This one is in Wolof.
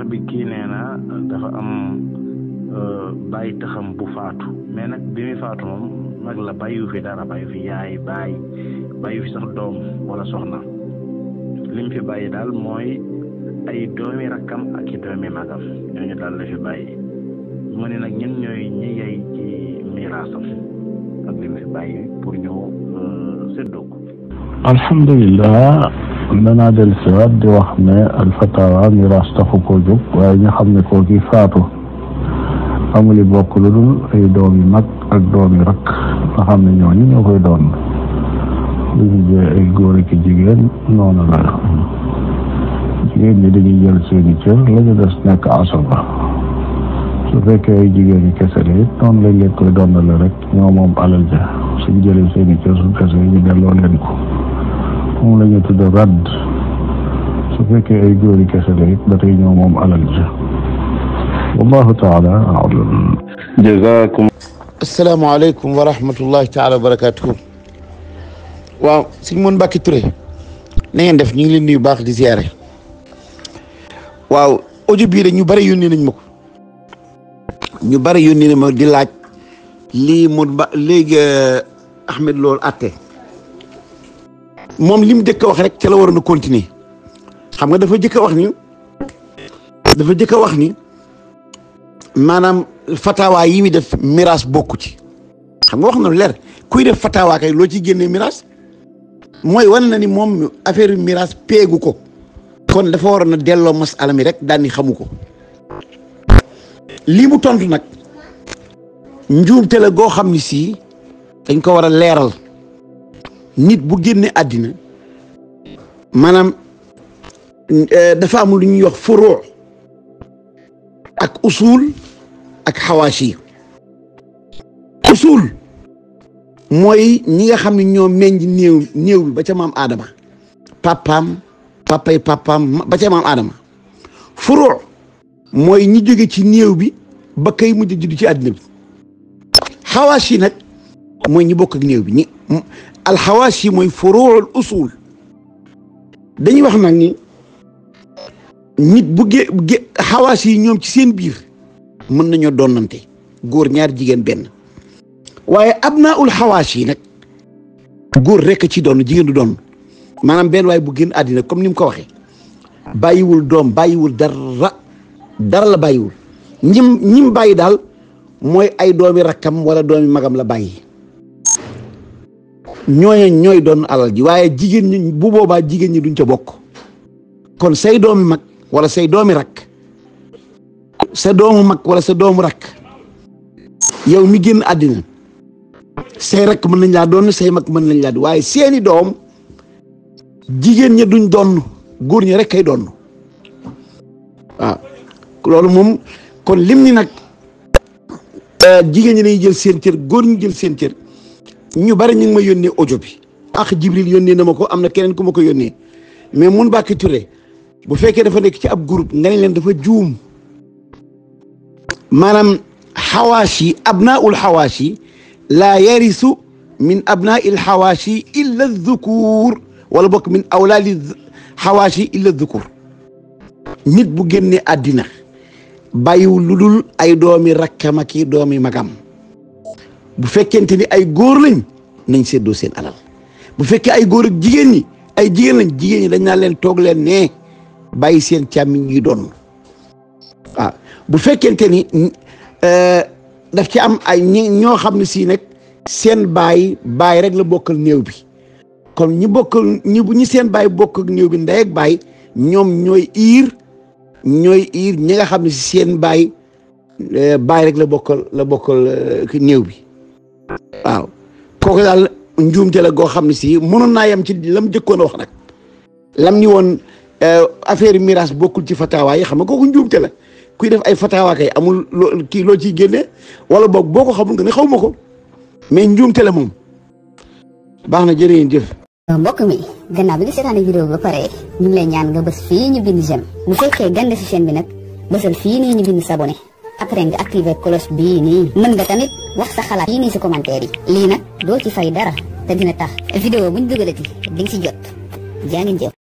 cheikh bi kii nee dafa am euh, bàyyi taxam bu faatu mais nag bi muy faatu moom nag la bàyyiwu fi dara bàyyu fi yaay bàyyi bàyyu fi sax doom wala soxna li mu fi bàyyi daal mooy ay doomi rakkam ak i doomi magam ñooñu daal la fi bàyyi mu ne nag ñun ñooy ñi yey ci miraasam ak li fi bàyyi pour ñu euh, séddoo alhamdulillah danaa dellu si waat di wax ne alfatawa miraas taxu koo jóg waaye ñu xam ne koo ci faatu amuli bokk lu dul ay doom yi mag ak doom yi rakk nga xam ne ñooñu ñoo koy doon bu ñu góor ak jigéen la jigéen ñi dañuy jël seeni cër la ñu des nekk asaba su fekkee ay jigéen yi kese la it noonu lañ leen koy doon la rek ñoo moom alal ja suñ jëlee seeni cër su desee ñu delloo leen ko moom la ñu tudde radd su fekkee ay ñoo moom alal ji wallahu taala alam jazakum asalaamaaleykum wa rahmatullahi taala waaw suñ moon Mbàkke Touré na ngeen def ñu ngi leen nuyu baax di ziare waaw audio bii de ñu bëri yónnee nañ ma ko ñu bëri yónnee nañ ma di laaj li mu ba léegi eh, Ahmed loolu atte moom li mu jëkk a wax rek ca la waroon a continuer xam nga dafa jëkk a wax ni dafa jëkk a wax ni maanaam fatawa yi muy def miraas bokku ci xam nga wax na leer kuy def fatawa kay loo ci génnee miraas mooy wan na ni moom affaire miraas peegu ko kon dafa waroon a delloo masala mi rek daal ni xamu ko lii tontu nag njuumte la goo xam ni sii dañ ko war a leeral nit bu génne àddina maanaam eh, dafa amul lu ñuy wax furoo ak usul ak xawaasi usul mooy ñi nga xam ne ñoo meññ néew néew bi ba ca maam Adama papaam papay papaam ba ca maam Adama furoo mooy ñi jóge ci néew bi ba kay mujj judd ci àddina bi xawaasi nag. moy ñi bokk ak neew bi ñi al yi moy furuul usul dañuy wax nak ni nit bu ge gé ñom ci seen biir mën nañu donante goor ñaar jigen ben waye abnaul xawaas nak goor rek ci don jigen du don manam ben way bu genn adina comme nim ko waxe bayiwul dom bayiwul dara dara la bayiwul ñim ñim bayi dal moy ay domi rakam wala domi magam la bayi ñoy ñoy doon alal ji waye jigen ñi bu boba jigen ñi duñ ca bok kon say doomi mak wala say doomi rak sa doomu mak wala sa doomu rak yow mi génn adina say rak mën nañ la doon say mak mën nañ la doon waaye seeni doom jigen ñi duñ doon goor ñi rek kay doon waaw loolu mum kon lim ni nag jigéen ñi lay jël seen cër goor ñi jël seen cër ñu bari ñu ma yónnee audio bi ak Jibril yónnee na mako amna keneen ku mako ko mais mun bàkki Touré bu fekkee dafa nek ci ab groupe ngay leen dafa joom manam hawashi abnaul hawashi la yarisu min abnaul hawashi illa dhukur wala bok min awlaadi hawashi illa dhukur nit bu genné adina bayiw lu ay doomi rakkam ak i doomi magam bu fekkente ni ay góor lañ nañ séddoo seen alal bu fekkee ay góor ak jigéen ñi ay jigéen lañ jigéen ñi dañ naa leen toog leen ne bàyyi seen càmmiñ yi doon waaw bu fekkente ni euh, ci am ay ñoo xam ne si nag seen baay baay rek la bokkal néew bi kon ñi bokkal bu ñi seen baay bokk ak néew bi ndey ak ñoom ñooy iir ñooy iir ñi nga xam ne si seen baay euh, baay rek la bokkal la euh, néew bi waaw kooku daal njuum goo xam ne si mënoon naa yem ci lam jëkkoon a wax nag lam ni woon euh, affaire miraas bokkul ci fatawaa yi xam nga kooku njuumte la kuy def ay fatawaa kay amul loo kii loo génne wala boog boo ko xamul nga ne xaw ma ko mais njuumte moom baax na jërëjëf jëf mbokk mi gannaaw bi nga seetaane vidéo bi ba pare ñu ngi ñaan nga bës fii ñu bind jëm bu fekkee gande si chaîne bi nag bësal fii nii ñu bind après nga activer cloche bii nii mën nga tamit wax sa xalaat yii nii si commentaire li nak do ci fay dara te dina tax video buñ dugalati ding ci jot jangin ngeen